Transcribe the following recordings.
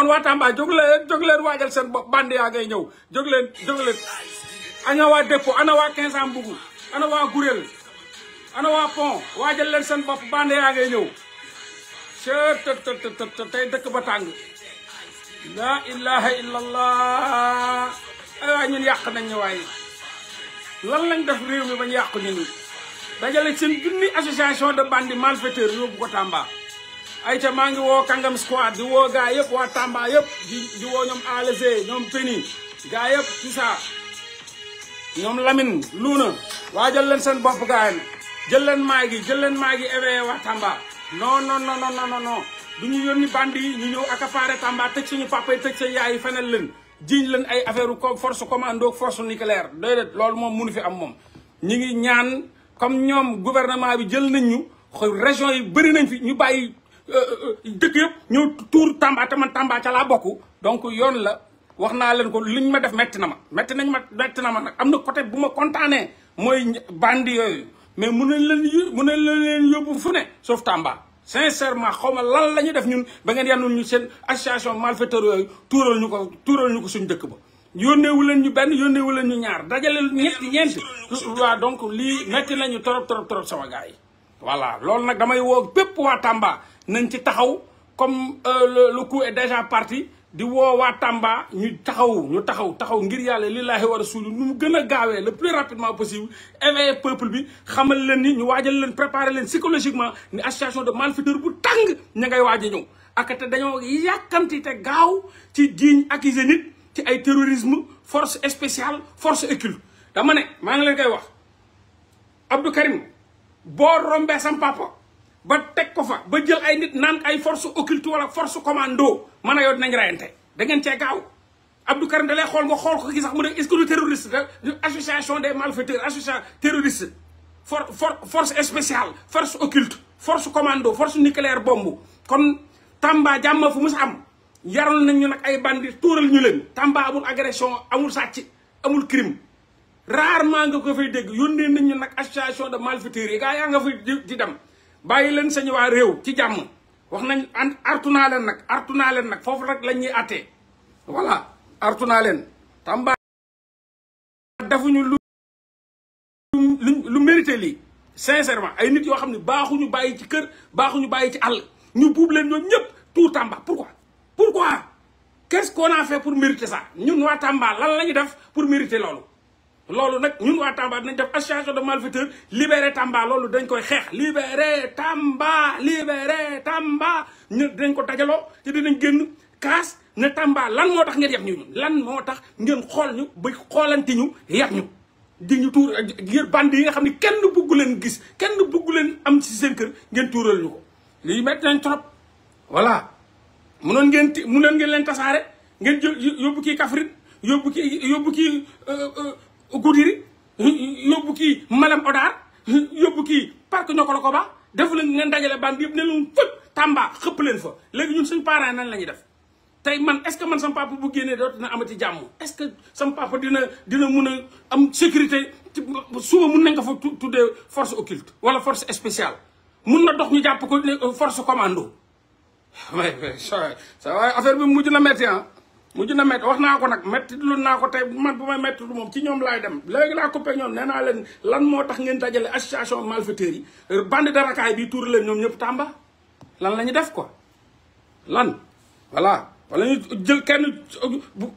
kon waa Tamba jóg leen jóg leen waajal seen bopp band yaa ngay ñëw jóg leen jóg leen ana waa dépôt ana waa quinze ans mbugu ana waa Gurel ana waa pont waajal leen seen bopp band yaa ngay ñëw cetëtëtëtë tey dëkk ba tàng laa ilaha illallah ay waay ñun yàq nañ ñu waaye lan lañ def réew mi bañ yàqu ñu ni dajale seen junni association de bandi malfaiteur yóbbu ko Tamba ay ca maa ngi woo Kangam squad di woo gaa yëpp waa Tamba yëpp di woo ñoom Alizé ñoom Peni gaa yëpp tout ça ñoom Lamine Luna waa jël leen seen bopp gaa yi jël leen maa gi jël maa gi éveillé waa Tamba non non non non non non du ñu yónni bandi yi ñu ñëw accaparé Tamba tëj suñu papa yi tëj seen yaay yi feneen leen jiiñ leen ay affaire ko force commando force nucléaire déedéet loolu moom mënu fi am moom. ñi ngi ñaan comme ñoom gouvernement bi jël nañ ñu région yi bëri nañ fi ñu bàyyi. dëkk yëpp ñëw tuur Tamba te man Tamba ca laa bokku donc yoon la wax naa leen ko li ñu ma def metti na ma metti nañ ma metti na ma nag am na côté bu ma kontaanee mooy bandi yooyu mais mun nañ leen mun nañ leen fu ne sauf Tamba sincèrement xaw ma lan la ñu def ñun ba ngeen yànnul ñu seen association malfaiteur yooyu tuural ñu ko tuural ñu ko suñu dëkk ba yónneewu leen ñu benn yónneewu leen ñu ñaar dajale ñetti ñeenti waaw donc lii metti nañu torop torop torop sama gars yi voilà loolu nag damay woo bépp waa Tamba nañ ci taxaw comme euh, le coup est déjà parti di woo waa Tamba ñu taxaw ñu taxaw taxaw ngir yàlla lillaahi wa rasuli nu mu gën a gaawee le plus rapidement possible éveiller peuple bi xamal leen ni ñu waajal leen préparer leen psychologiquement ni association de malfaiteurs bu tàng ña ngay waaj a ñëw ak te dañoo yàkkamti te gaaw ci jiiñ accusé nit ci ay terrorisme force spéciale force occulte dama ne maa ngi leen koy wax Abdou boo rombee sam papa ba teg ko fa ba jël ay nit naan ay force occulte wala force commando man a yow dinañ rayante da ngeen cee gaaw Abdou Karim da lay xool nga xool ko ki sax mu ne est-ce que du terroriste association des malfaiteurs association terroriste for force spéciale force occulte force commando force nucléaire bombe kon Tamba jàmm fu mu sa am yaroon nañ ñu nag ay bandi tuural ñu leen Tamba amul agression amul sàcc amul crime rarement nga ko fay dégg neen nañ ñu nag association de malfaiteurs yi gaa yaa nga fay di dem bàyyi leen sañu waa réew ci jàmm wax nañ an artu naa leen nag artu leen nag foofu rek lañ ñuy attee voilà artu naa leen Tamba defuñu lu lu mérité lii sincèrement ay nit yoo xam ne baaxuñu bàyyi ci kër baaxuñu bàyyi ci àll ñu buub leen ñoom ñëpp tout Tamba pourquoi pourquoi qu'est-ce qu'on a fait pour mériter ça ñun waa Tamba lan la ñu def pour mériter loolu loolu nag ñun waa Tamba dinañ def association de malfaiteurs libéré Tamba loolu dañ koy xeex libéré Tamba libéré Tamba ñu dinañ ko dajaloo te dinañ génn kaas ne Tamba lan moo tax ngeen yab ñu lan moo tax ngeen xool ñu ba xoolanti ñu yab ñu di ñu tuur ngir band yi nga xam ne kenn bugg leen gis kenn buggu leen am ci seen kër ngeen tuural ñu ko lii métti nañ trop voilà munoon ngeen ti munoon ngeen leen tasaare ngeen jël yóbbu kii Kaffrine yóbbu kii yóbbu kii euh, euh, Goudiri yóbbu kii Malem Odar yóbbu kii parc ko koba defu la ngeen dajale bande yëpp ne leen fëpp Tamba xëpp leen fa léegi ñun suñ parents nañ la ñuy def tey man est-ce que man sama papa bu génnee dootu na amati jàmmu est-ce que sama dina dina mun a am sécurité suba mun nañ ko fa tuddee force occulte wala force spéciale mun na dox ñu jàpp ko euh, force commando mais ça affaire bi mu mujj na métti mujj na métti wax naa ko nag métti lu naa ko tey man bu may métti lu moom ci ñoom laay dem léegi laa coppe ñoom nee naa leen lan moo tax ngeen dajale association malfaiteurs yi er, bande de racaille bi tuur leen ñoom ñëpp lan la ñu def quoi lan voilà wala ñu jël kenn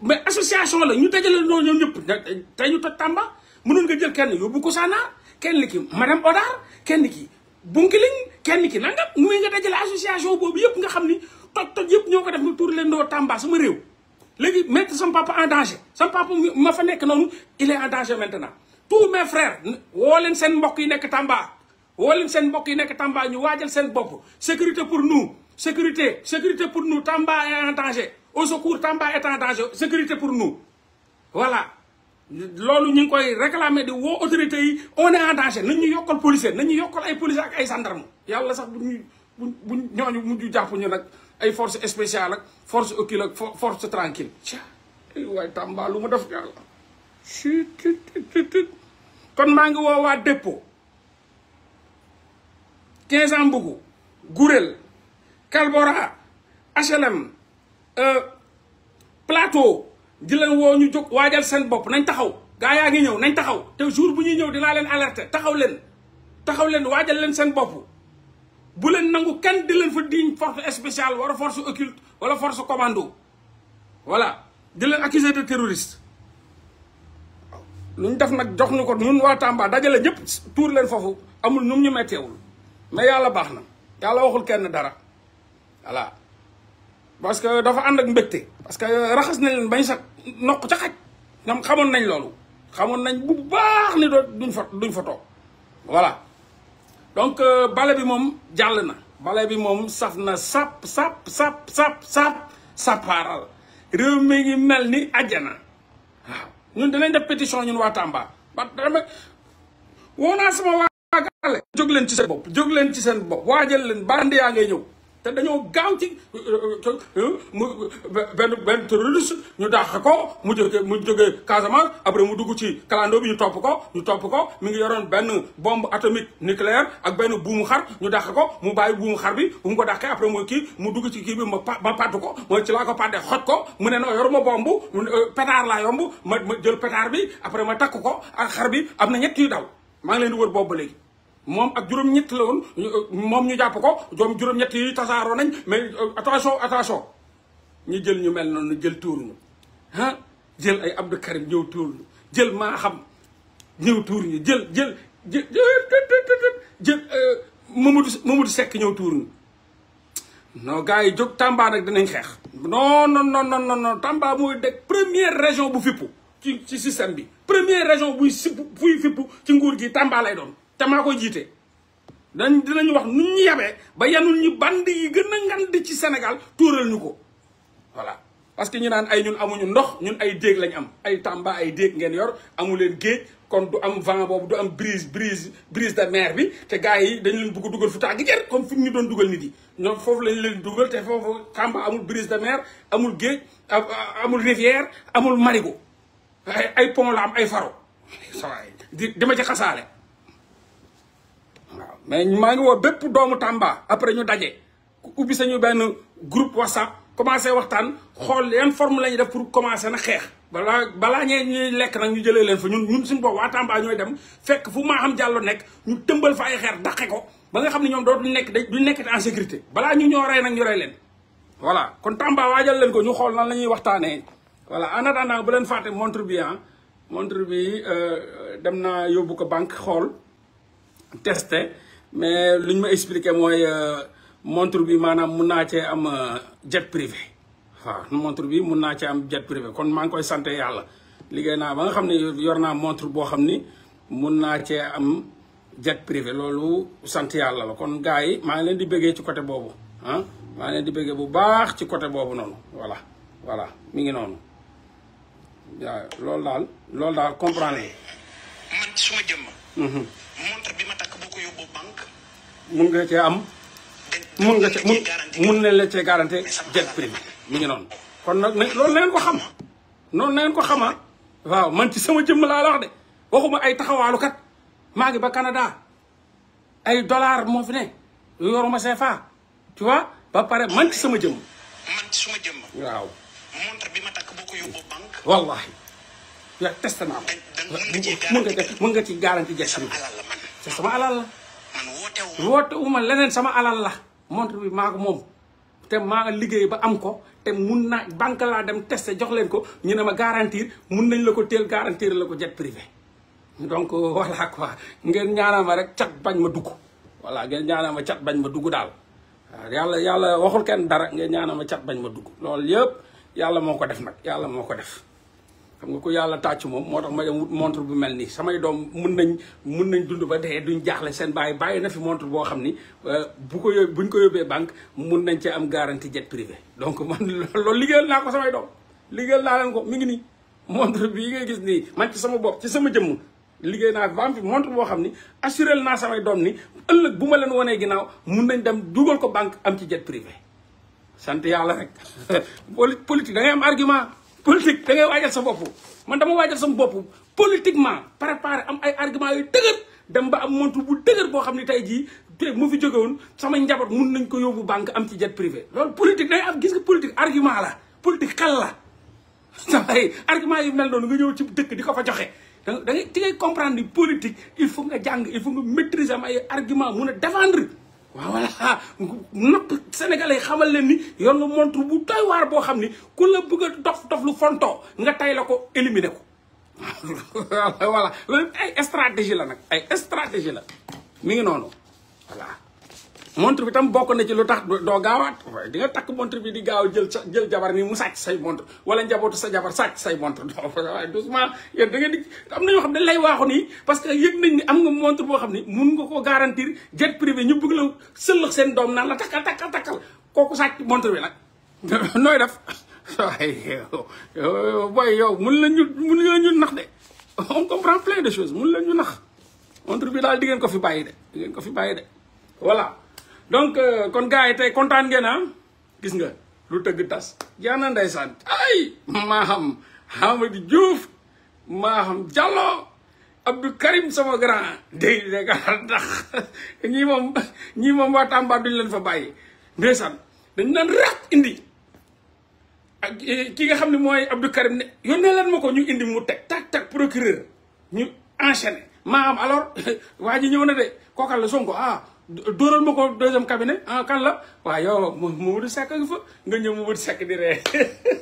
mais association la ñu dajale noonu ñoom ñëpp tey ñu toj tàmba mënoon nga jël kenn yóbbu ko saanaar kenn ki madame Odar kenn ki Bunkiling kenn ki nangam mu nga dajale association boobu yëpp nga xam ni toj toj yëpp ñoo ko def ñu tuur leen doo tàmba sama réew léegi mettre sama papa en danger sama ma fa nekk noonu il e en danger maintenant tous mes frères woo leen seen mbokk yi nekk Tamba woo seen mbokk yi nekk Tamba ñu waajal seen bopp sécurité pour nous sécurité sécurité pour nous Tamba est en danger au secours Tamba est en danger sécurité pour nous voilà loolu ñu ngi koy réclamer di woo autorités yi on est en danger nañ ñu yokkal policier nañ ñu yokkal ay policier ak ay gendarme yàlla sax bu ñu bu ñooñu mujj jàpp ñu nag ay force spéciale ak force occulte ak force tranquille waaye Tamba lu ma def yàlla kon maa ngi woo waa dépôt Gouguou Gurel Kalbora HLM euh, Plateau di leen woo ñu jóg waajal seen bopp nañ taxaw gaa yaa ngi ñëw nañ taxaw te jour bu ñuy ñëw dinaa leen alerter taxaw leen taxaw leen waajal leen seen bopp bu leen nangu kenn di leen fa diiñ force spéciale wala force occulte wala force commando voilà di leen accuser de terroriste lu ñu def nag jox ñu ko ñun waa Tamba dajale ñëpp tuur leen foofu amul nu ñu metteewul mais yàlla baax na yàlla waxul kenn dara voilà parce que dafa ànd ak mbégte. parce que raxas nañ leen bañ sax noq ca xaj ñoom xamoon nañ loolu xamoon nañ bu baax ni doo duñ fo duñ fa toog donc euh, bale bi moom jàll na bale bi moom saf na sap sap sap sap sap sapaaral réew mi ngi mel ni àjjana waaw ñun danañ def pétition ñun waa Tamba ba dama woo naa sama waa gàlle jóg leen ci seen bopp jóg leen ci seen bopp waa waajal leen bandi yaa ngay ñëw te dañoo gaaw ci euh, euh, mu benn benn terroriste ñu dàq ko mu jóge mu jóge Casamance après mu dugg ci clando bi ñu topp ko ñu topp ko mi ngi yoroon benn bombe atomique nucléaire ak benn buumu xar ñu dàq ko mu bàyyi buumu xar bi bu mu ko dàqee après mooy kii mu dugg ci kii bi ma ma patt ko mooy ci laa ko patte xoj ko mu ne noo ma bomb euh, pétard laa yomb ma ma jël pétard bi après ma takk ko ak xar bi am na ñett yu daw maa ngi leen di wër boobu ba léegi moom ak juróom-ñett la moom ñu jàpp ko doom juróom-ñett yi tasaaroo nañ mais euh, attention attention ñu jël ñu mel noonu jël tuur ñu ah jël ay Abdou Karim ñëw tuur ñu jël maa xam ñëw tuur ñu jël jël jël jël euh, Mamadou Mamadou Seck ñëw tuur ñu non gars yi jóg Tamba nag dinañ xeex. non non non non non Tamba mooy dëkk première région bu fippu ci ci système bi première région buy sipp buy fippu ci nguur gi Tamba lay doon. te maa koy jiite dañ dinañ wax nu ñu yabee ba yanul ñu band yi gën a ngand ci Sénégal tuural ñu ko voilà parce que ñu naan ay ñun amuñu ndox ñun ay déeg lañ am ay Tamba ay déeg ngeen yor amul leen géej kon du am vent boobu du am brise brise brise de mer bi te gars yi dañ leen bëgg dugal fu tàgg jër comme fi ñu doon dugal nit yi ñoom foofu lañ leen dugal te foofu Tamba amul brise de mer amul géej amul rivière amul marigot ay pont la am ay faro d dima ci xasaale mais maa ngi woo bépp doomu Tamba après ñu daje ubbi sañu benn groupe WhatsApp commencé waxtaan xool yan forme la def pour commencé na xeex balaa balaa ñee ñuy lekk nag ñu jëlee leen fa ñun ñun suñu bopp waa Tamba ñooy dem fekk fu maa xam jàllo nekk ñu tëmbal fa ay xeer daqe ko ba nga xam ne ñoom dootuñu nekk day duñ nekkati en sécurité balaa ñu ñoo rey nag ñu rey leen voilà kon Tamba waajal leen ko ñu xool nan la ñuy waxtaanee voilà en attendant bu leen fàtte montre bi ah montre euh, dem naa yóbbu ko banque xool testé mais lu ñu ma expliqué mooy euh, montre bi maanaam mun naa cee am euh, jet privé ah. waaw montre bi mun naa cee am jet privé kon maa ngi koy sant yàlla liggéey naa ba nga xam ne yor naa montre boo xam ni mun naa cee am jet privé loolu sant yàlla la kon gars yi maa ngi leen di bëggee ci côté boobu ah maa ngi leen di bëggee bu baax ci côté boobu noonu voilà voilà mi ngi noonu waaw loolu daal loolu daal comprendre man suma jëmm mm-hmm. mun nga cee am mun nga cee mun mun nañ la cee garanté jet privé mu ngi noonu. kon nag loolu na ngeen ko xam noonu na ngeen ko xamaa waaw man ci sama jëmm laa la wax de waxuma ay taxawaalukat maa ngi ba Canada ay dollar moo fi ne yoruma CFA tu vois ba pare man ci sama jëmm. man ci sama jëmm. waaw. montre bi ma takk boo ko yóbbu banque. wallaahi ya test naa ko. mën nga ci mën ci garanti jet sama alal la. woote wu ma leneen sama alal la montre bi maa moom te maa liggéey ba am ko te mun naa banque laa dem testé jox leen ko ñu ne ma garantir mun nañ la ko teel garantir la ko jet privé donc voilà quoi ngeen ñaanal ma rek cat bañ ma dugg voilà ngeen ñaanal ma cat bañ ma dugg daal yàlla yàlla waxul kenn dara ngeen ñaanal ma cat bañ ma dugg loolu yëpp yàlla moo ko def nag yàlla moo ko def xam nga ko yàlla tàcc moom moo tax ma dem wut montre bu mel nii samay doom mun nañ dund ba dee duñ jaaxle seen bàyyi bàyyi na fi montre boo xam ni euh, bu ko yób buñ ko yóbbee banque mun nañ cee am garantie jet privé donc man loolu liggéeyal naa ko samay doom liggéeyal naa ko mi ngi nii montre bii ngay gis nii man ci sama bopp ci sama jëmm liggéey naa ba am fi montre boo xam ni assuré naa samay doom ni ëllëg bu ma leen wanee ginnaaw mun nañ dem dugal ko banque am ci jet privé sant yàlla politique da ngay waajal sa bopp man dama waajal sama bopp politiquement préparé am ay argument yu dëgër dem ba am montu bu dëgër boo xam ne tey jii te mu fi jóge woon sama njaboot mun nañ ko yóbbu banque am ci jet privé loolu politique day am gis nga politique argument la politique xel la samay argument yi mel noonu nga ñëw ci dëkk di ko fa joxe da ngay ci ngay comprendre ni politique il faut nga jàng il faut nga maîtriser am ay argument mun a défendre waaw voilà napp sénégalais xamal leen ni yoon nga montre bu doy waar boo xam ni ku la bëgg a dof dof lu fontoo nga tay la ko éliminer ko voilà loolu ay stratégie la nag ay stratégie la mi ngi noonu voilà montre bi tam bokk na ci lu tax doo gaawaat di nga takk montre bi di gaaw jël sa jël jabar ni mu sàcc say montre wala njabootu sa jabar sàcc say montre do waaye ñoo xam ne dañ lay waaxu parce que yëg nañ ni am nga montre boo xam ni mun nga ko garantir jet privé ñu bëgg la sëllax seen doom naan la takkal takkal takkal kooku sàcc montre bi nag nooy def waaye booy yow mun la ñu mun la ñu nax de on comprend plein de choses mun la ñu nax montre bi daal di ngeen ko fi bàyyi de di ko fi bàyyi de voilà donc euh, kon gaa yi tey kontaan ngeen naa ah? gis nga lu tëgg tas jaana ndeysaan ay maa xam Hamadi Diouf maa xam Diallo Abdou Karim sama grand day dégga ndax ñii moom ñii moom waa Tamba duñ leen fa bàyyi ndeysaan dañ naan rat indi ak eh, ki nga xam ne mooy Abdou Karim ne yónnee leen ma ko ñu indi mu teg tak tak procureur ñu enchaîné maa am alors waa ji ñëw na de kookal la Sonko ah dóoral ma ko deuxième cabinet ah kan la waaw yow Mamadou Seck nga fa nga ñëw Mamadou Seck di ree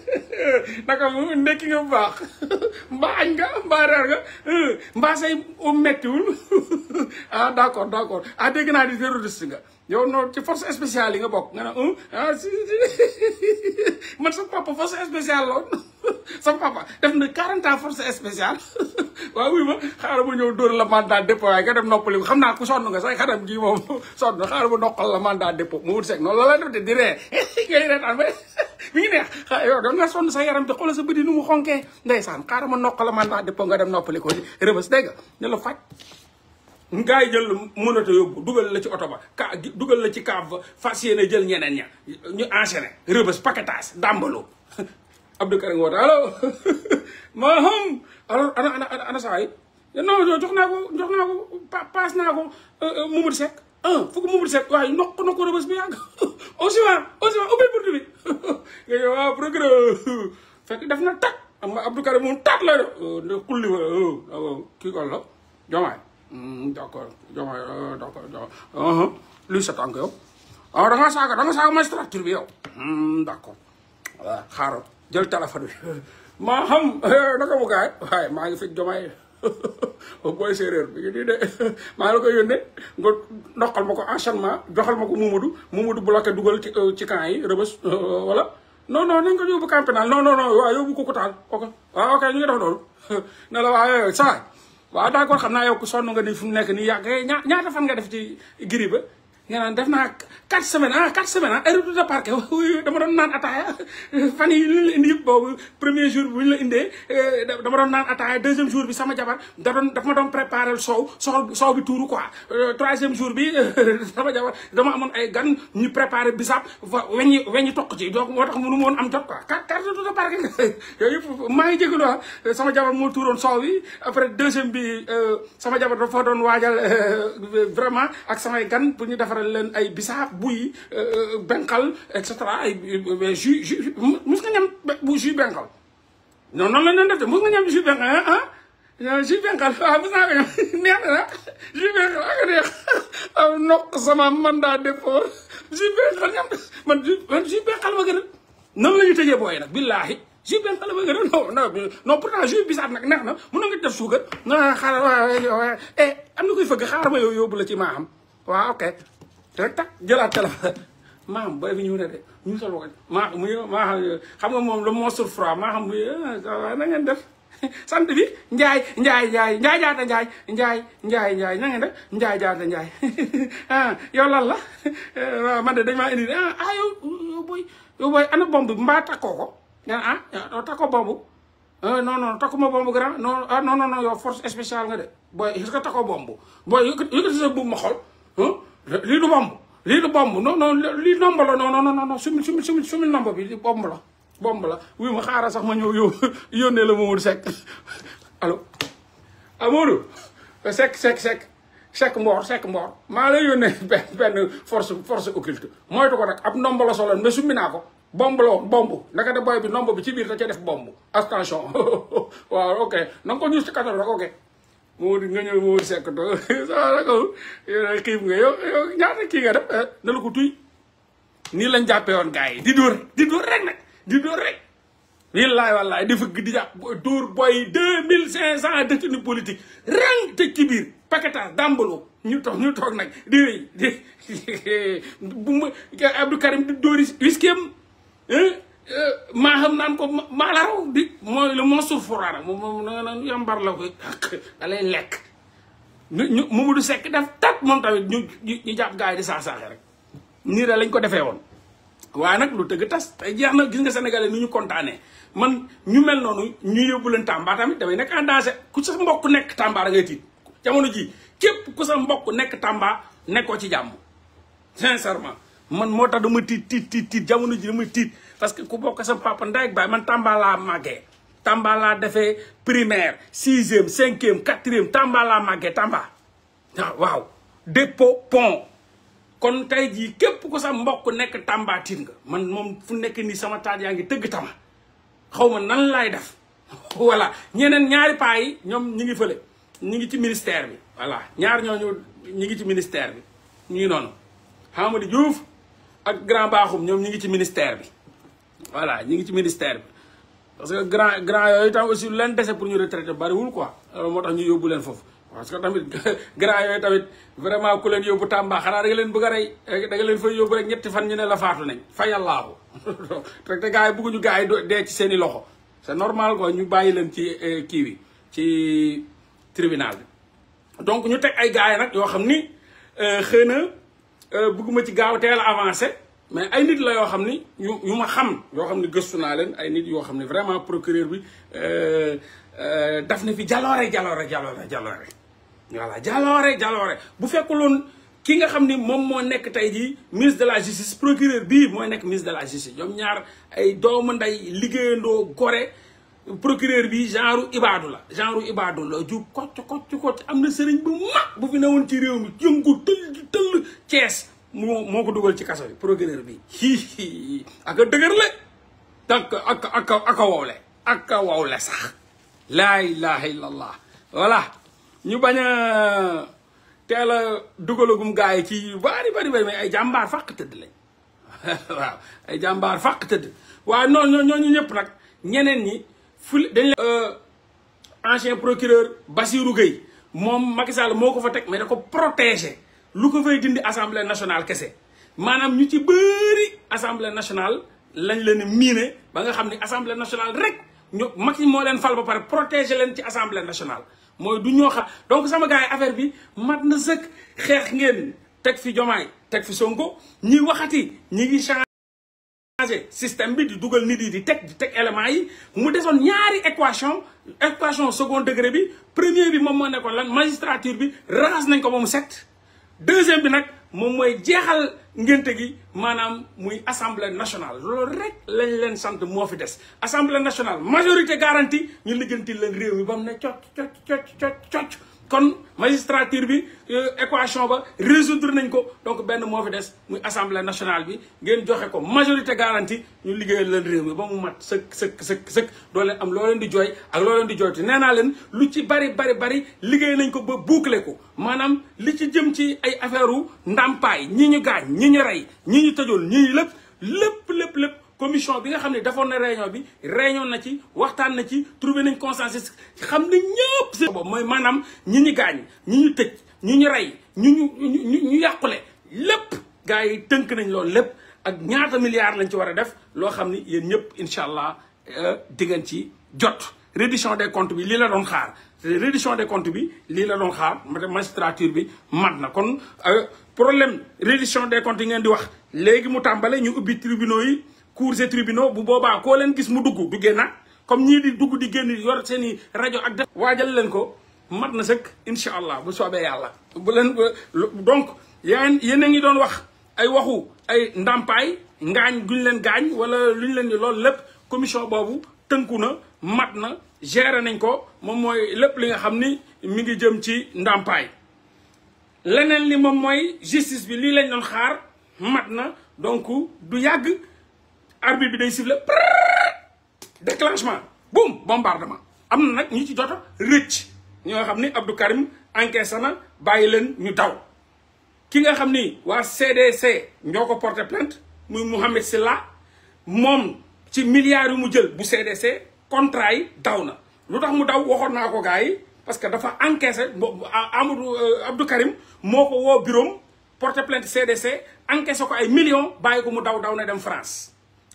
naka mu ndekki nga baax mbaa añ nga mbaa reer nga mbaa say um mettiwul ah d'accord d'accord ah dégg naa di terroriste nga yow noonu ci force spéciale yi nga bokk nga ne ah, ah man sa papa force spéciale la sama papa def na 40 ans force spéciale waaw wuy ma xaaral ma ñëw dóor la mandat dépôt waaye nga dem noppali xam naa ku sonn nga say xaram gi moom sonn xaaral ma noqal la mandat dépôt mu wut sek noonu la la def de di ree ngay reetaan ba mi ngi neex yow doon nga sonn sa yaram te xoolal sa bëdi nu mu xonkee ndeysaan xaaral ma noqal la mandat dépôt nga dem noppali ko rëbës dégg nga ne la faj ngaa yi jël mënata yóbbu dugal la ci oto ba ka dugal la ci kaab ba fas yéene jël ñeneen ñu enchaîné rëbës dàmbaloo Abdou Karim woote allo maa xam alors ana ana ana saa yi non jox naa ko jox naa ko paas naa ko euh, euh, Momadou Seck ah fukk Momadou Seck waaye ndox ndox ko rëbës bi yàgg au suivant au suivant ubbi buntu bi nga ñëw waaw progrès fekk def na tàkk am nga Abdou Karim moom tàkk lay def euh, ne xulli fa kii ko la jomaay hmm, d' accord jomaay d' accord jomaay uh-huh. luy sa tànk yow ah da nga saaga da nga saaga magistrature bi yow hmm, d' accord waaw xaaral jël téléphone bi maa xam eh, naka mu gaay waaye maa ngi fi jomaay oh, booy séeréer bi ngi nii de maa ngi la koy yónnee nga doxal ma ko enchaînement joxal ma ko Momadou Momadou bloqué dugal ci euh, ci camp yi rëbës wala euh, non non nañ ko yóbbu camp pénal non ko Koutal ok waaw ah, loolu ne la waaye saa waaw d'accord xam naa yow ku nga ni fu mu nekk nii yàgg ñaata fan nga def ci giri ba nga def naa quatre semaines ah quatre semaines ah retour de parquet dama doon naan yëpp boobu premier jour bu ñu la indee eh, dama doon naan ataaya deuxième jour bi sama jabar da doon daf ma doon préparé soow soow bi tuuru quoi euh, troisième jour bi sama jabar dama amoon ay gan ñu préparé bisaab weñi weñi toq ci donc moo tax mënu ma woon am jot quoi quatre quatre retour de parquet yooyu yëpp maa ngi jégalu ah sama jabar moo tuuroon soow bi après deuxième bi euh, sama jabar dafa doon waajal euh, vraiment ak samay gan pour ñu defar defaral leen ay bisaab buy euh, euh, benqal et cetera ay jus jus mus nga ñam bu jus benqal non noonu la ñu def de mus nga ñam jus benqal ah ah jus benqal waaw mus naa ko ñam neex na jus benqal ak ah, neex aw oh, nokk sama mandat dépôt jus benqal ñam man jus man jus benqal ma gën a noonu la ñu tëjee booy nag billaahi jus benqal ma gën a non non non pourtant jus bisaab nag neex na mënoo nga def suukar xaaral waaye eh am na koy fëgg xaaral ma yow yóbbu la ci maa xam waaw ok rek tak jëlaat téléphone maam booy bi ñëw de ñu sol ko maa moom le monstre froid maa xam muy eh, na ngeen def sant bi njaay njaay njaay njaay njaay njaay njaay njaay na def njaay jaata njaay ah yow la eh, waaw de dañ maa indi de ah, ah yow yow booy yow ana bomb bi mbaa takkoo ko ah ah takkoo bomb eh, non non bomb grand non ah force spéciale nga de booy est-ce sa buum ma lii du bomb lii du bomb non non lii nomb la non non non non sumil sumil nomb bi bomb la bomb la wuy ma xaaral sax ma ñëw yow yónnee la Mamadou Seck allo Amadou Seck Seck Seck Seck Mboor Seck Mboor maa lay yónnee benn force force occulte moytu ko rek ab nomb la solo mais summi naa ko bomb la bomb naka da boy bi nomb bi ci biir da ca def bomb attention waaw ok na ko ñuus ci rek ok Modou nga ñëw Modou Seck toog saa ko yow xiif nga ñaata kii nga def na la ko tuy nii lañ jàppee woon gars di dóor di dóor rek nag di dóor rek willaay wallaay di fëgg di jàpp dóor booy deux mille cinq cent détenus politiques rang tëj ci biir paquetage dàmbaloo ñu toog ñu toog nag di rëy bu ma Abdou Karim di dóori wiskeem Euh, maa xam naan ko maa la raw bi mooy le monstre fourrara moom moom na nga naan la ko lekk ñu Mamadou Seck def tat moom tamit ñu ñu jàpp gars yi di saax rek nii da lañ ko defee woon waaye nag lu tëgg tas te jeex na gis nga sénégalais ni ñu kontaanee man ñu mel noonu ñu yóbbu leen Tamba tamit damay nekk en ku sa mbokk nekk Tamba da ngay tiit jamono ji képp ku sa mbokk nekk Tamba nekkoo ci jàmm sincèrement man moo tax dama tiit tiit tiit tiit jamono ji dama tiit parce que ku bokk sama papa ndey ak baay man Tamba laa màggee Tamba laa defee primaire sixième cinquième quatrième Tamba laa màggee Tamba ah, waaw dépôt pont kon tey jii képp ku sa mbokk nekk Tamba tiit nga man moom fu nekk nii sama taat yaa ngi tëgg tama xaw ma nan laay def voilà ñeneen ñaari paa yi ñoom ñi ngi fële ñi ngi ci ministère bi voilà ñaar ñooñu ñi ngi ci ministère bi ñu ngi noonu Hamadi Diouf ak Grand Bakhoum ñoom ñi ngi ci ministère bi voilà ñi ngi ci ministère bi parce que grand grand yooyu tam aussi lu leen dese pour ñu retraité bariwul quoi moo tax ñu yóbbu leen foofu parce que tamit grand yooyu tamit vraiment ku leen yóbbu Tamba xanaa da leen bëgg a rey da leen fay yóbbu rek ñetti fan ñu ne la faatu nañ fa yàllaahu rek te gars yi bëgguñu yi dee ci seeni loxo c'est normal quoi ñu bàyyi leen ci euh, kii bi ci tribunal bi donc ñu teg ay gars yi nag yoo xam ni euh, xëy na euh, bëgguma ci gaaw teel a avancé mais ay nit la yoo xam ni ñu ma xam yoo xam ni gëstu naa leen ay nit yoo xam ne vraiment procureur bi euh, euh, daf na fi jaloore jaloore jaloore jaloore voilà jaloore jaloore bu fekkuloon ki nga xam ni moom moo nekk tey jii ministre de la justice procureur bii mooy nekk ministre de la justice ñoom ñaar ay doomu nday liggéeyandoo gore procureur bi genre ibaadu la genre ibaadu la ju kocc kocc kocc am na sëriñ bu mag bu fi newoon ci réew mi yëngu tëll tëll Cees moo moo ko dugal ci kaso bi procureur bi hi ak a dëgër le ak ak ak ak a wowle ak a wowle sax laa ilaha illallah voilà ñu bañ a teel a dugalagum gars yi ci bari bari bari mais ay jàmbaar fàq tëdd lañ waaw ay jàmbaar fàq tëdd waaye noonu ñooñu ñëpp nag ñeneen ñi ful dañ leen euh, ancien procureur Bassirou Gueye moom Macky Sall moo ko fa teg mais da ko protégé lu ko fay dindi assemblée nationale kese maanaam ñu ci bëri assemblée nationale lañ leen miine ba nga xam ne assemblée nationale rek ñu Macky moo leen fal ba pare protéger leen ci assemblée nationale mooy du ñoo xam donc sama gars affaire bi mat na sëkk xeex ngeen teg fi jomaay teg fi sonko ñi waxati ñi ngi changé système bi di dugal nit yi di teg di teg éléments yi mu desoon ñaari équation équation second degré bi premier bi moom moo nekkoon lan magistrature bi raxas nañ ko ba mu deuxième bi nag moom mooy jeexal ngénte gi maanaam muy assemblée nationale loolu rek lañ leen sant moo fi des assemblée nationale majorité garantie ñu lijjanti leen réew mi ba mu ne cocc cocc cocc cocc kon magistrature bi euh, équation ba résoudre nañ ko donc benn moo fi des muy assemblée nationale bi ngeen joxe ko majorité garantie ñu liggéeyal leen réew mi ba mu mat sëkk sëkk sëkk sëkk doo leen am loo leen di jooy ak loo leen di jooytu nee naa leen lu ci bari bari bari liggéey nañ ko ba boucler ko maanaam li ci jëm ci ay affaire u ndàmpaay ñi ñu gaañ ñi ñu rey ñi ñu tëjoon ñi ñu lépp lépp lépp lépp commission bi nga xam ne defoon na réunion bi réunion na ci waxtaan na ci trouver nañ consensus xam ne ñëpp seen boobu mooy maanaam ñi ñu gaañ ñi ñu tëj ñu ñu rey ñu ñu ñu ñu yàqule lépp gars yi tënk nañ loolu lépp ak ñaata milliards lañ ci war a def loo xam ni yéen ñëpp incha allah euh, di ngeen ci jot reddition des comptes bi lii la doon xaar reddition des comptes bi lii la doon xaar magistrature bi mat na kon euh, problème reddition des comptes yi ngeen di wax léegi mu tàmbale ñu ubbi tribunaux yi cours et tribunaux bu boobaa koo leen gis mu dugg duggee nag ah. comme ñii di dugg di génn yor seen i rajo ak def waajal leen ko mat na sëkk incha allah bu soobee yàlla bu donc yéen yéen a ngi doon wax ay waxu ay ndàmpaay ngaañ guñ leen gaañ wala luñ leen di loolu lépp commission boobu tënku na mat na géré nañ ko moom mooy lépp li nga xam ni mi ngi jëm ci ndàmpaay leneen li moom mooy justice bi lii lañ doon xaar mat na donc du yàgg arbitre bi day siffler déclenchement boum bombardement am na nag ñu ci jot a rëcc ñoo xam ni Abdou Karim encaissé na bàyyi leen ñu daw ki nga xam ni waa CDC ñoo ko porté plainte muy Mouhamed Silla moom ci milliards yu mu jël bu CDC contrat yi daw na lu tax mu daw waxoon naa ko gars yi parce que dafa encaissé Amadou euh, Abdou Karim moo ko woo bureau porté plainte CDC encaissé ko ay millions bàyyi ko mu daw daw na dem France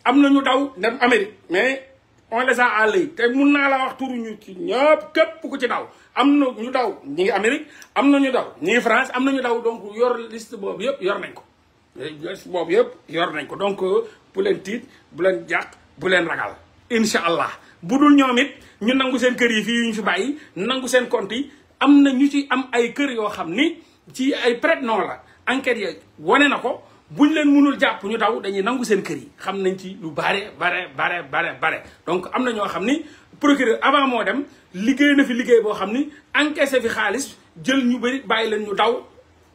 am na ñu daw dem Amérique mais on les a à l'œil te mun naa la wax turu ñu ci ñëpp képp ku ci daw am na ñu daw ñi ngi Amérique am na ñu daw ñi France am na ñu daw donc yor liste boobu yëpp yor nañ ko liste boobu yëpp yor nañ ko donc bu leen tiit bu leen jàq bu leen ragal incha allah bu dul ñoom ñu nangu seen kër yi fii yu ñu fi bàyyi nangu seen compte yi am na ñu ci am ay kër yoo xam ni ci ay prête non la enquête ya wane na ko buñ leen mënul jàpp ñu daw dañuy nangu seen kër yi xam nañ ci lu bare bare bare bare bare donc am na ñoo xam ni procureur avant moo dem liggéey na fi liggéey boo xam ni encaissé fi xaalis jël ñu bëri bàyyi leen ñu daw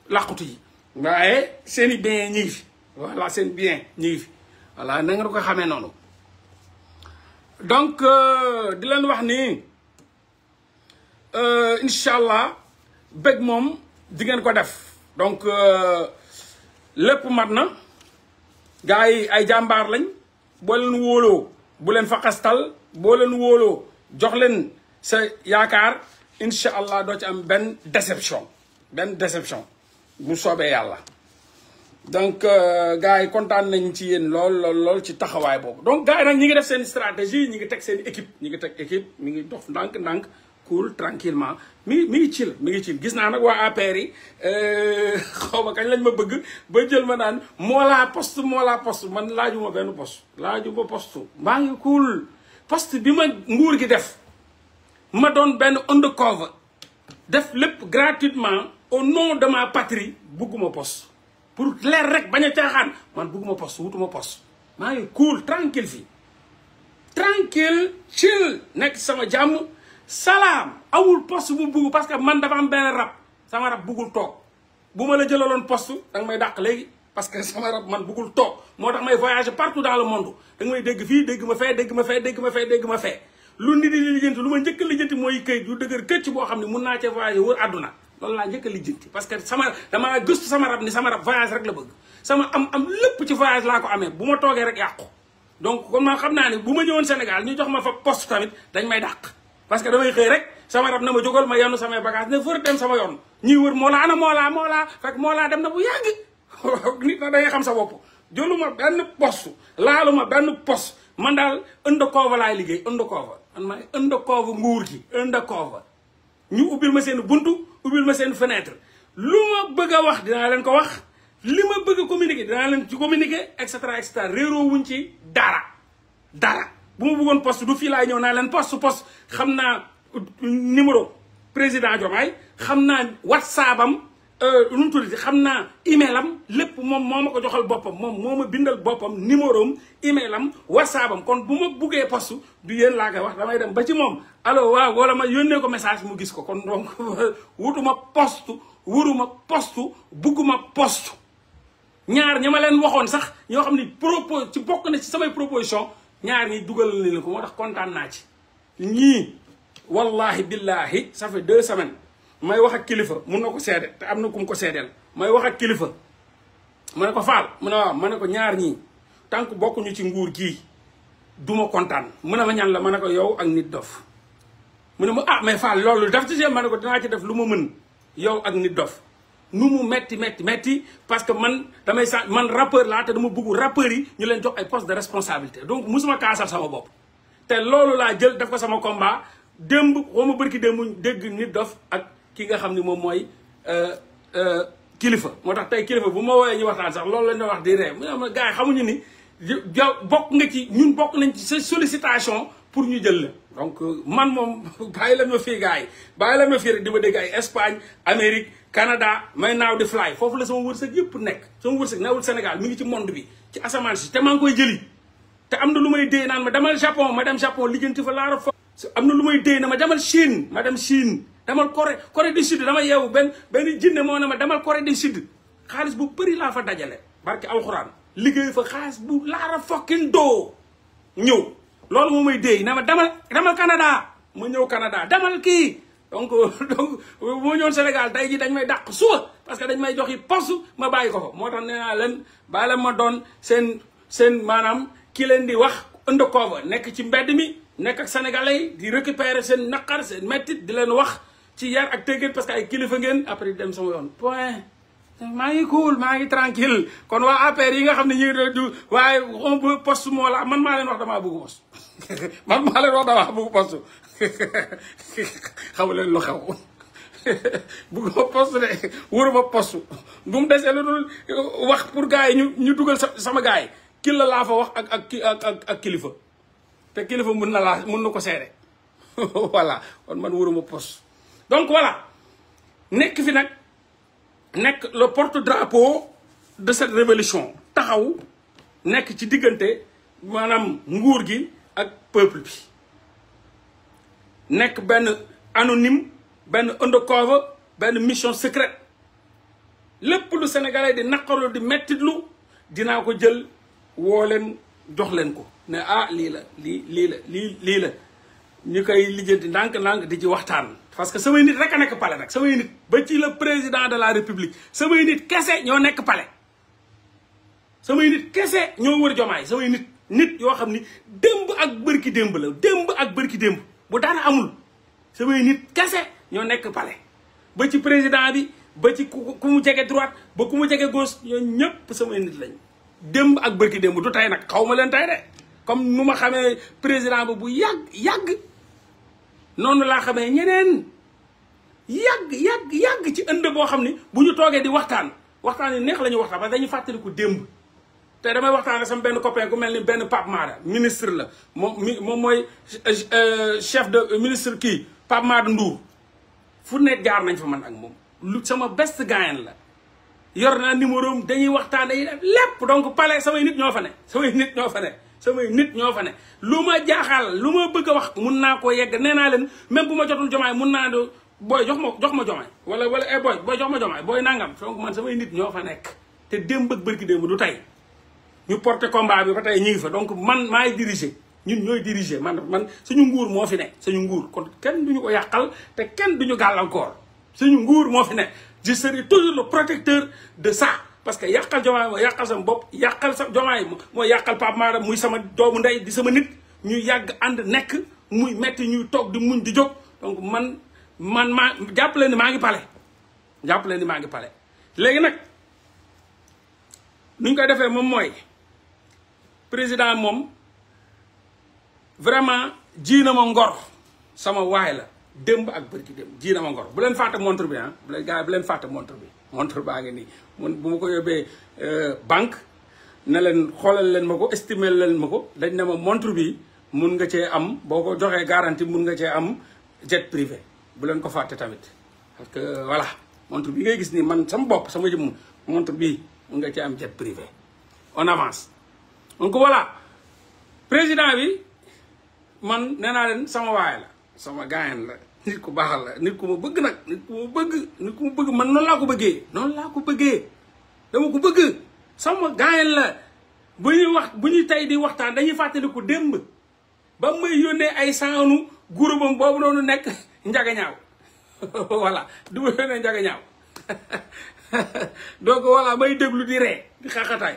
làqutu yi waaye seen i bien ñi ngi fi voilà seen bien ñi ngi fi voilà na nga ko xamee noonu donc euh, di leen wax ni euh, incha allah bëgg moom di ko def donc euh, lépp mat na gars yi ay jàmbaar lañ boo leen wóoloo bu leen faqastal boo leen wóoloo jox leen sa yaakaar incha allah doo ci am benn déception benn déception bu soobee yàlla donc euh, gars yi kontaan nañ ci yéen lool lool lool ci taxawaay boobu donc gars yi nag ñi ngi def seen stratégie ñi ngi teg seen équipe ñi ngi teg équipe ñi ngi dox ndànk ndànk cool tranquillement mi mi ngi chill mi ngi chill gis naa nag waa APR yi euh, xaw ma kañ lañ ma bëgg ba jël ma naan moo laa poste moo laa poste man laajuma benn poste laajuma poste maa ngi cool poste bi ma nguur gi def ma doon benn undercover def lépp gratuitement au nom de ma patrie bugguma pour leer rek bañ a caaxaan man bugguma poste wutuma poste maa ngi cool tranquille fii tranquille chill nekk sama jàmm salaam awul poste bu bugg parce que man dafa am benn rab sama rab buggul toog bu ma la jëlaloon poste danga may dàq léegi parce que sama rab man buggul toog moo tax may voyager partout dans le monde danga dégg fii dégg ma fee dégg ma fee dégg ma fee dégg ma fee lu nit di lijjanti lu ma njëkk a lijjanti mooy këyit yu dëgër këcc boo xam ne mun naa cee voyager wër àdduna loolu laa njëkk a lijjanti parce que sama damaa gëstu sama rab sama rab voyage rek la bëgg sama am am lépp ci voyage laa ko amee bu ma toogee rek yàqu donc kon ma xam naa ne bu ma ñëwoon Sénégal ñu jox ma fa poste tamit dañ may dàq parce que damay xëy rek sama rab na ma jógal ma yenn samay bagage ne fër dem sama yoon ñuy wër moolaa ana moolaa moolaa fekk moolaa dem na bu yàgg nit na da xam sa bopp jëluma benn poste laaluma benn poste man daal undercover laay liggéey undercover man maay undercover nguur gi ñu ubbil ma seen bunt ubbil ma seen fenêtre lu ma bëgg wax dinaa leen ko wax li ma bëgg a communiquer dinaa leen ci communiquer et cetera et cetera wuñ ci dara dara bu ma bëggoon poste du fii laay ñëw naa leen poste poste xam naa numéro président Diomaye xam naa whatsapp am lu euh, mu tuddati xam naa email am lépp moom moo ma ko joxal boppam moom moo ma bindal boppam numéro am email am whatsapp am kon bu ma buggee poste du yéen laa koy wax damay dem ba ci moom allo waaw wala ma yónnee ko message mu gis ko kon donc wutuma poste wuruma poste bugguma post ñaar ñi ma leen waxoon sax ñoo xam ni propos ci bokk na ci samay proposition ñaar ñi dugal nañ la ko moo tax kontaan naa ci ñii wallahi billahi ça fait deux semaines may wax ak kilifa mun na ko seede te am na ku mu ko seedeel may wax ak kilifa ma ne ko faal mu ne waaw ma ne ko ñaar ñii tànk bokkuñu ci nguur gii duma kontaan mu ne ma ñan la ma ne ko yow ak nit dof mu ne ma ah mais faal loolu daf ci seen ma ko dinaa ci def lu ma mën yow ak nit dof nu mu metti metti metti parce que man damay sa man rappeur laa te dama bëgg rappeurs yi ñu leen jox ay poste de responsabilité donc musuma kaasal sama bopp te loolu laa jël def ko sama combat démb xaw ma bërki démb dégg nit dof ak ki nga xam ni moom mooy euh, euh, kilifa moo tax tey kilifa bu ma woowee ñu waxtaan sax loolu lañ doon wax di ree mu ne ma gaay yi xamuñu ni bokk nga ci ñun bokk nañ ci sa sollicitation pour ñu jël la donc euh, man moom bàyyi la ma fii gars yi bàyyi la ma fii dama di dégg ay Espagne Amérique Canada may naaw di fly foofu la sama wërsëg yëpp nekk sama wërsëg nawul Sénégal mu ngi ci monde bi ci asamaan si te maa ngi koy jëli te am na lu may dee naan ma demal Japon ma dem Japon lijjanti fa laara fa am na lu may dee na ma demal Chine ma dem Chine demal Corée Corée du Sud dama yeewu benn benn jinne moo ne ma demal Corée du Sud xaalis bu bëri laa fa dajale barke alxuraan liggéey fa xaalis bu laara fokkin doo ñëw loolu moom may déey na ma demal demal Canada ma ñëw Canada demal kii donc donc moo ñëwoon Sénégal tey ji dañ may dàq suba parce que dañ may jox joxi poste ma bàyyi ko fa moo tax nee leen bàyyi ma doon seen seen maanaam kii leen di wax a undercover nekk ci mbedd mi nekk ak sénégalais yi di récupérer seen naqar seen mettit di leen wax ci yar ak teggin parce que ay kilifa ngeen après dem sama yoon point maa ngi cool maa ngi tranquille kon waa APR yi nga xam ne ñu du waaye on poste moo la man maa leen wax damaa bëgg poste man maa leen wax dara postu xamu leen lu xew bu ko postu de wóoruma postu bu desee lu dul wax pour gars yi ñu ñu dugal sama gars yi kil laa fa wax ak ak kilifa te kilifa mun na laa mun na ko seere voilà kon man wóoruma postu donc voilà nekk fi nag nekk la porte-drapeau de cette révolution taxaw nekk ci diggante maanaam nguur gi ak peuple bi nekk benn anonyme benn undercover benn mission secrète lépp lu sénégalais di naqarlu di mettitlu dinaa ko jël woo leen jox leen ko ne ah lii la lii lii la lii lii la ñu koy lijjanti ndànk-ndànk di ci waxtaan parce que samay nit rek a nekk pale nag samay nit ba ci le président de la république samay nit kese ñoo nekk pale samay nit kese ñoo wër jomaay samay nit nit yoo xam ni dem ak bërki démb la démb ak bërki démb bu daana amul samay nit kese ñoo nekk palais ba ci président bi ba ci ku ku mu jege droite ba ku mu jege gauche ñoo ñëpp samay nit lañ démb ak bërki démb du tey nag xaw ma leen tey de comme nu ma xamee président bi bu yàgg yàgg noonu laa xamee ñeneen yàgg yàgg yàgg ci ënd boo xam ne bu ñu toogee di waxtaan waxtaan yi neex la ñuy waxtaan ba dañuy fàttaliku démb te damay waxtaan ak sama benn copain ku mel ni benn Pape Mada ministre la moom mi moom mooy euh, euh, chef de ministre kii Pape Mada Ndour fu ne jaar nañ fa man ak moom lu sama best gaayen la yor naa numéro am dañuy waxtaan dañuy def lépp donc pale samay nit ñoo fa ne samay nit ñoo fa ne nit ñoo fa lu ma jaaxal lu ma bëgg a wax mun naa koo yegg nee naa leen même bu ma jotul jomaay mun naa do booy jox ma jox ma jomaay wala wala ay eh, booy booy jox ma jomaay booy nangam donc man samay nit ñoo fa nekk te démb ak bërki démb du tey ñu porté combat bi ba tey ñu ngi fa donc man maay diriger ñun ñooy diriger man man suñu nguur moo fi nekk suñu nguur kon kenn duñu ko yàqal te kenn du duñu gàllankoor suñu nguur moo fi nekk je serai toujours le protecteur de sax parce que yàqal jomaay mooy yàqal sama bopp yàqal sa jomaay mooy yàqal Pape Mara muy sama doomu ndey di sama nit ñu yàgg ànd nekk muy metti ñuy toog di muñ di jóg donc man man maa jàppale ni maa ngi pale jàppale ni maa ngi pale léegi nag nuñ koy defee moom mooy président moom vraiment ji na ma ngor sama waay la démb ak bërki démb ji na ma ngor bu leen fàtte montre bi ah bu leen gars leen fàtte montre bi montre baa nii mun bu ma ko yóbbee euh, banque ne leen xoolal leen ma ko estimé leen ma ko dañ ne ma montre bi mun nga cee am boo ko joxee garantie mun nga cee am jet privé bu leen ko fàtte tamit parce que voilà montre bi ngay gis nii man sama bopp sama jëmm montre bi mun nga cee am jet privé on avance donc voilà président bi man nee naa leen sama waay la sama gaayan la nit ku baax la nit ku ma bëgg nag nit ku ma bëgg nit bëgg man noonu laa ko bëggee noonu laa ko bëggee dama ko bëgg sama gaayan la bu ñuy wax bu ñuy tey di waxtaan dañuy fàttaliku démb ba may yónnee ay saanu gurubam boobu noonu nekk njagañaaw voilà du ma yónnee njagañaaw donc voilà may déglu di ree xaaxataay